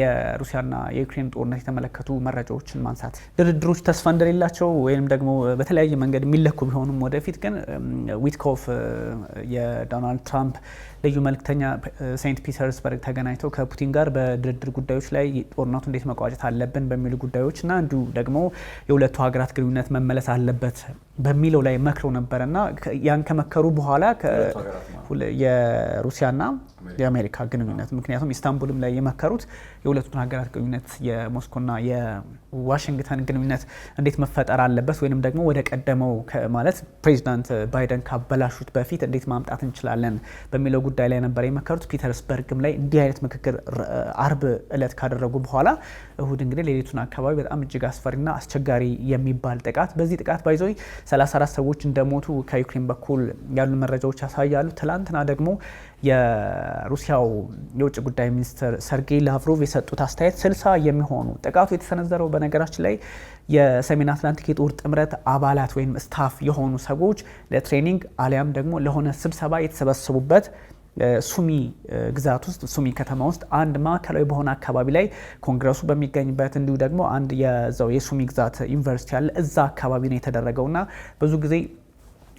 የሩሲያና የዩክሬን ጦርነት የተመለከቱ መረጃዎችን ማንሳት ድርድሮች ተስፋ እንደሌላቸው ወይም ደግሞ በተለያየ መንገድ የሚለኩ ቢሆኑም ወደፊት ግን ዊትኮፍ የዶናልድ ትራምፕ ልዩ መልክተኛ ሴንት ፒተርስበርግ ተገናኝተው ከፑቲን ጋር በድርድር ጉዳዮች ላይ ጦርነቱ እንዴት መቋጨት አለብን በሚሉ ጉዳዮች እና እንዲሁ ደግሞ የሁለቱ ሀገራት ግንኙነት መመለስ አለበት በሚለው ላይ መክረው ነበረ እና ያን ከመከሩ በኋላ የሩሲያና የአሜሪካ ግንኙነት። ምክንያቱም ኢስታንቡልም ላይ የመከሩት የሁለቱን ሀገራት ግንኙነት የሞስኮና የዋሽንግተን ግንኙነት እንዴት መፈጠር አለበት ወይንም ደግሞ ወደ ቀደመው ማለት ፕሬዚዳንት ባይደን ካበላሹት በፊት እንዴት ማምጣት እንችላለን በሚለው ጉዳይ ላይ ነበር የመከሩት። ፒተርስበርግም ላይ እንዲህ አይነት ምክክር አርብ እለት ካደረጉ በኋላ እሁድ እንግዲህ ሌሊቱን አካባቢ በጣም እጅግ አስፈሪና አስቸጋሪ የሚባል ጥቃት በዚህ ጥቃት ባይዞ 34 ሰዎች እንደሞቱ ከዩክሬን በኩል ያሉ መረጃዎች ያሳያሉ። ትናንትና ደግሞ የሩሲያው የውጭ ጉዳይ ሚኒስትር ሰርጌይ ላቭሮቭ የሰጡት አስተያየት ስልሳ የሚሆኑ ጥቃቱ የተሰነዘረው በነገራችን ላይ የሰሜን አትላንቲክ የጦር ጥምረት አባላት ወይም ስታፍ የሆኑ ሰዎች ለትሬኒንግ አሊያም ደግሞ ለሆነ ስብሰባ የተሰበሰቡበት ሱሚ ግዛት ውስጥ ሱሚ ከተማ ውስጥ አንድ ማዕከላዊ በሆነ አካባቢ ላይ ኮንግረሱ በሚገኝበት እንዲሁ ደግሞ አንድ የዛው የሱሚ ግዛት ዩኒቨርሲቲ አለ እዛ አካባቢ ነው የተደረገውና ብዙ ጊዜ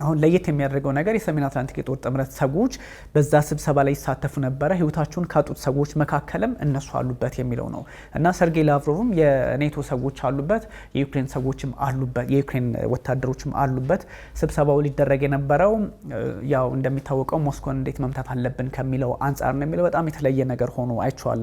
አሁን ለየት የሚያደርገው ነገር የሰሜን አትላንቲክ የጦር ጥምረት ሰዎች በዛ ስብሰባ ላይ ይሳተፉ ነበረ፣ ህይወታቸውን ካጡት ሰዎች መካከልም እነሱ አሉበት የሚለው ነው እና ሰርጌይ ላቭሮቭም የኔቶ ሰዎች አሉበት፣ የዩክሬን ሰዎችም አሉበት፣ የዩክሬን ወታደሮችም አሉበት። ስብሰባው ሊደረግ የነበረው ያው እንደሚታወቀው ሞስኮን እንዴት መምታት አለብን ከሚለው አንጻር ነው የሚለው በጣም የተለየ ነገር ሆኖ አይቼዋለሁ።